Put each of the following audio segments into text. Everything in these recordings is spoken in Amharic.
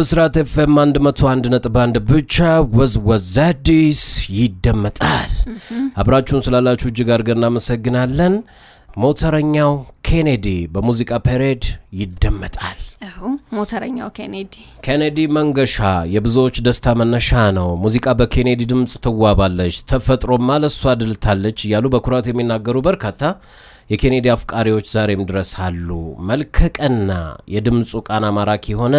ብስራት ኤፍኤም አንድ ብቻ ወዝወዝ አዲስ ይደመጣል። አብራችሁን ስላላችሁ እጅግ አድርገን እናመሰግናለን። ሞተረኛው ኬኔዲ በሙዚቃ ፔሬድ ይደመጣል። ሞተረኛው ኬኔዲ ኬኔዲ መንገሻ የብዙዎች ደስታ መነሻ ነው። ሙዚቃ በኬኔዲ ድምፅ ትዋባለች፣ ተፈጥሮማ ለሷ ድልታለች እያሉ በኩራት የሚናገሩ በርካታ የኬኔዲ አፍቃሪዎች ዛሬም ድረስ አሉ። መልከቀና የድምፁ ቃና ማራኪ የሆነ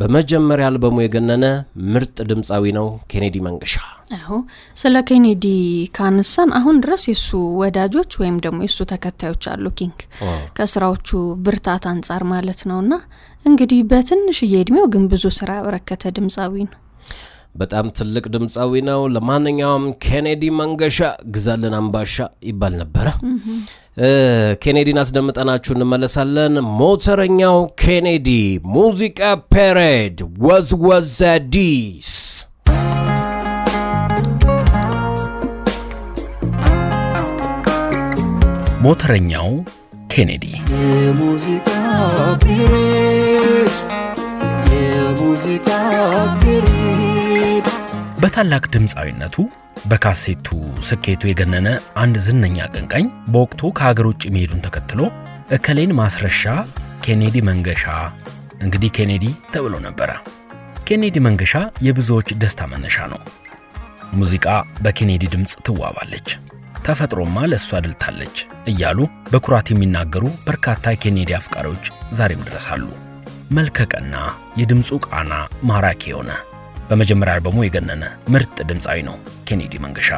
በመጀመሪያ አልበሙ የገነነ ምርጥ ድምፃዊ ነው ኬኔዲ መንገሻ። አዎ ስለ ኬኔዲ ካነሳን አሁን ድረስ የሱ ወዳጆች ወይም ደግሞ የሱ ተከታዮች አሉ። ኪንግ ከስራዎቹ ብርታት አንጻር ማለት ነውና እንግዲህ በትንሽዬ እድሜው ግን ብዙ ስራ ያበረከተ ድምፃዊ ነው። በጣም ትልቅ ድምፃዊ ነው። ለማንኛውም ኬኔዲ መንገሻ ግዛልን አምባሻ ይባል ነበረ። ኬኔዲን አስደምጠናችሁ እንመለሳለን። ሞተረኛው ኬኔዲ ሙዚቃ ፔሬድ ወዝወዛዲስ ሞተረኛው ኬኔዲ በታላቅ ድምፃዊነቱ በካሴቱ ስኬቱ የገነነ አንድ ዝነኛ አቀንቃኝ በወቅቱ ከሀገር ውጭ መሄዱን ተከትሎ እከሌን ማስረሻ ኬኔዲ መንገሻ እንግዲህ ኬኔዲ ተብሎ ነበረ። ኬኔዲ መንገሻ የብዙዎች ደስታ መነሻ ነው። ሙዚቃ በኬኔዲ ድምፅ ትዋባለች፣ ተፈጥሮማ ለእሷ አድልታለች እያሉ በኩራት የሚናገሩ በርካታ የኬኔዲ አፍቃሪዎች ዛሬም ድረስ አሉ። መልከ የድምፁ ቃና ማራኪ የሆነ በመጀመሪያ አልበሙ የገነነ ምርጥ ድምፃዊ ነው ኬኔዲ መንገሻ።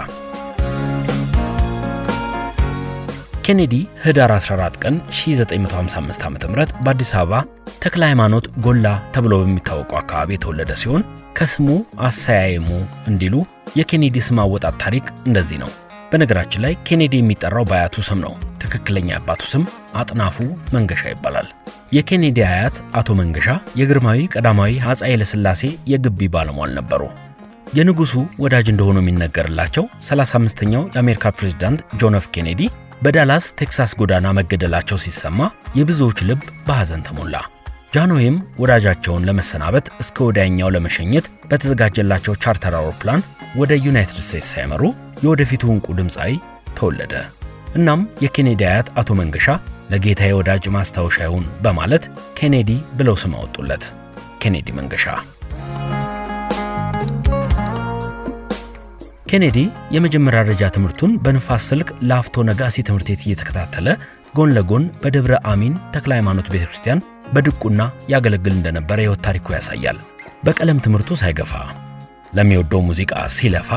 ኬኔዲ ህዳር 14 ቀን 1955 ዓ.ም በአዲስ አበባ ተክለ ሃይማኖት ጎላ ተብሎ በሚታወቀው አካባቢ የተወለደ ሲሆን ከስሙ አሰያየሙ እንዲሉ የኬኔዲ ስም አወጣት ታሪክ እንደዚህ ነው። በነገራችን ላይ ኬኔዲ የሚጠራው በአያቱ ስም ነው። ትክክለኛ አባቱ ስም አጥናፉ መንገሻ ይባላል። የኬኔዲ አያት አቶ መንገሻ የግርማዊ ቀዳማዊ አፄ ኃይለሥላሴ የግቢ ባለሟል ነበሩ። የንጉሱ ወዳጅ እንደሆኑ የሚነገርላቸው 35ኛው የአሜሪካ ፕሬዝዳንት ጆን ኤፍ ኬኔዲ በዳላስ ቴክሳስ ጎዳና መገደላቸው ሲሰማ የብዙዎች ልብ በሐዘን ተሞላ። ጃንሆይም ወዳጃቸውን ለመሰናበት እስከ ወዲያኛው ለመሸኘት በተዘጋጀላቸው ቻርተር አውሮፕላን ወደ ዩናይትድ ስቴትስ ሳይመሩ የወደፊቱ ዕንቁ ድምፃዊ ተወለደ። እናም የኬኔዲ አያት አቶ መንገሻ ለጌታዬ ወዳጅ ማስታወሻ ይሁን በማለት ኬኔዲ ብለው ስም አወጡለት። ኬኔዲ መንገሻ። ኬኔዲ የመጀመሪያ ደረጃ ትምህርቱን በንፋስ ስልክ ላፍቶ ነጋሲ ትምህርት ቤት እየተከታተለ ጎን ለጎን በደብረ አሚን ተክለ ሃይማኖት ቤተ ክርስቲያን በድቁና ያገለግል እንደነበረ የሕይወት ታሪኩ ያሳያል። በቀለም ትምህርቱ ሳይገፋ ለሚወደው ሙዚቃ ሲለፋ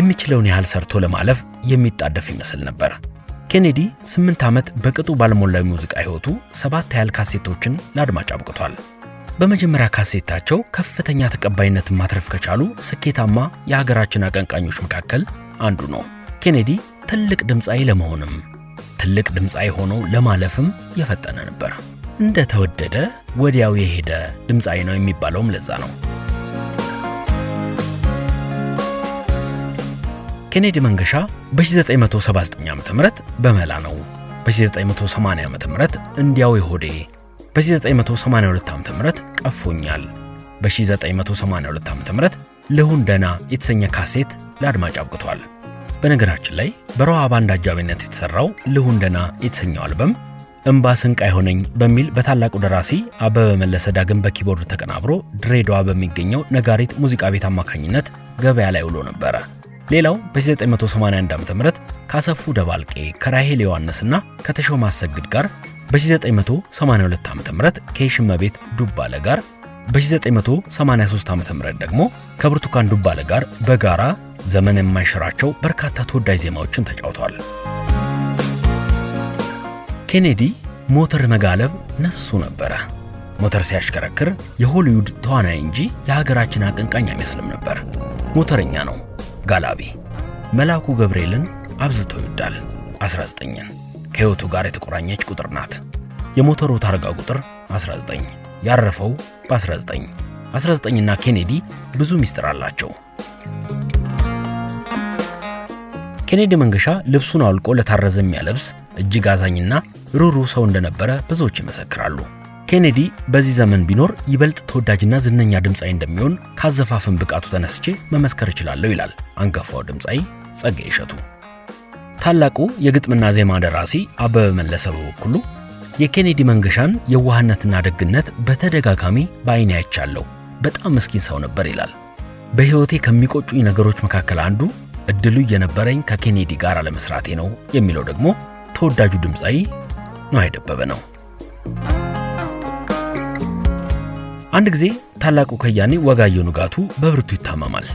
የሚችለውን ያህል ሰርቶ ለማለፍ የሚጣደፍ ይመስል ነበር። ኬኔዲ ስምንት ዓመት በቅጡ ባለሞላዊ የሙዚቃ ሕይወቱ ሰባት ያህል ካሴቶችን ለአድማጭ አብቅቷል። በመጀመሪያ ካሴታቸው ከፍተኛ ተቀባይነትን ማትረፍ ከቻሉ ስኬታማ የሀገራችን አቀንቃኞች መካከል አንዱ ነው። ኬኔዲ ትልቅ ድምፃዊ ለመሆንም ትልቅ ድምፃዊ ሆኖ ለማለፍም የፈጠነ ነበር። እንደተወደደ ወዲያው የሄደ ድምፃዊ ነው የሚባለውም ለዛ ነው። ኬኔዲ መንገሻ በ1979 ዓ ም በመላ ነው። በ1980 ዓ ም እንዲያው የሆዴ፣ በ1982 ዓ ም ቀፎኛል፣ በ1982 ዓ ም ለሁን ደና የተሰኘ ካሴት ለአድማጭ አብቅቷል። በነገራችን ላይ በሮሃ ባንድ አጃቢነት የተሠራው ልሁን ደና የተሰኘው አልበም እምባ ስንቅ አይሆነኝ በሚል በታላቁ ደራሲ አበበ መለሰ ዳግም በኪቦርድ ተቀናብሮ ድሬዳዋ በሚገኘው ነጋሪት ሙዚቃ ቤት አማካኝነት ገበያ ላይ ውሎ ነበረ። ሌላው በ1981 ዓ ም ካሰፉ ደባልቄ ከራሄል ዮሐንስና ከተሾመ አሰግድ ጋር በ1982 ዓ ም ከየሽመቤት ዱባለ ጋር በ1983 ዓ ም ደግሞ ከብርቱካን ዱባለ ጋር በጋራ ዘመን የማይሽራቸው በርካታ ተወዳጅ ዜማዎችን ተጫውተዋል። ኬኔዲ ሞተር መጋለብ ነፍሱ ነበረ። ሞተር ሲያሽከረክር የሆሊውድ ተዋናይ እንጂ የሀገራችን አቀንቃኝ አይመስልም ነበር። ሞተረኛ ነው ጋላቢ መልአኩ ገብርኤልን አብዝቶ ይወዳል 19ን ከሕይወቱ ጋር የተቆራኘች ቁጥር ናት። የሞተሩ ታርጋ ቁጥር 19 ያረፈው በ19 19 እና ኬኔዲ ብዙ ሚስጥር አላቸው። ኬኔዲ መንገሻ ልብሱን አውልቆ ለታረዘ የሚያለብስ እጅግ አዛኝና ሩሩ ሰው እንደነበረ ብዙዎች ይመሰክራሉ። ኬኔዲ በዚህ ዘመን ቢኖር ይበልጥ ተወዳጅና ዝነኛ ድምፃዊ እንደሚሆን ካዘፋፍን ብቃቱ ተነስቼ መመስከር እችላለሁ ይላል አንጋፋው ድምፃዊ ጸጋዬ እሸቱ። ታላቁ የግጥምና ዜማ ደራሲ አበበ መለሰ በበኩሉ የኬኔዲ መንገሻን የዋህነትና ደግነት በተደጋጋሚ በዓይኔ አይቻለሁ፣ በጣም ምስኪን ሰው ነበር ይላል። በሕይወቴ ከሚቆጩኝ ነገሮች መካከል አንዱ እድሉ እየነበረኝ ከኬኔዲ ጋር አለመስራቴ ነው የሚለው ደግሞ ተወዳጁ ድምፃዊ ነው አይደበበ ነው። አንድ ጊዜ ታላቁ ከያኔ ወጋየሁ ንጋቱ በብርቱ ይታመማል።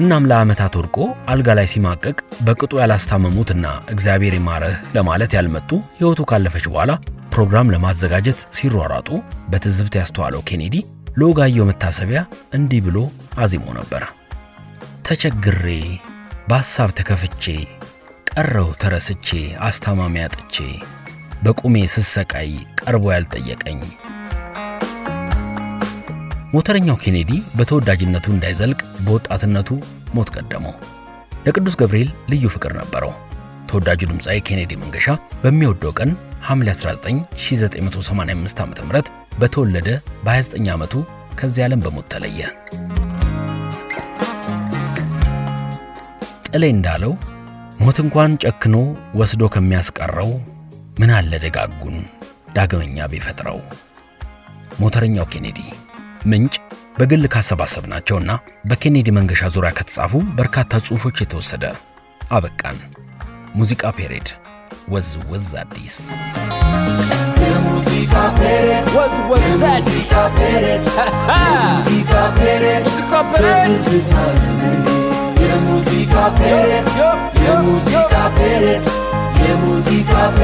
እናም ለዓመታት ወድቆ አልጋ ላይ ሲማቀቅ በቅጡ ያላስታመሙትና እግዚአብሔር ይማረህ ለማለት ያልመጡ ሕይወቱ ካለፈች በኋላ ፕሮግራም ለማዘጋጀት ሲሯሯጡ በትዝብት ያስተዋለው ኬኔዲ ለወጋየሁ መታሰቢያ እንዲህ ብሎ አዚሞ ነበር። ተቸግሬ በሐሳብ ተከፍቼ ቀረው ተረስቼ አስታማሚ አጥቼ በቁሜ ስሰቃይ ቀርቦ ያልጠየቀኝ ሞተረኛው ኬኔዲ በተወዳጅነቱ እንዳይዘልቅ በወጣትነቱ ሞት ቀደመው። ለቅዱስ ገብርኤል ልዩ ፍቅር ነበረው። ተወዳጁ ድምፃዊ ኬኔዲ መንገሻ በሚወደው ቀን ሐምሌ 19985 ዓ ም በተወለደ በ29 ዓመቱ ከዚህ ዓለም በሞት ተለየ። ጥሌ እንዳለው ሞት እንኳን ጨክኖ ወስዶ ከሚያስቀረው ምን አለ ደጋጉን ዳግመኛ ቢፈጥረው። ሞተረኛው ኬኔዲ ምንጭ በግል ካሰባሰብ ናቸውና በኬኔዲ መንገሻ ዙሪያ ከተጻፉ በርካታ ጽሑፎች የተወሰደ። አበቃን። ሙዚቃ ፔሬድ ወዝ ወዝ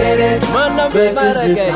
አዲስ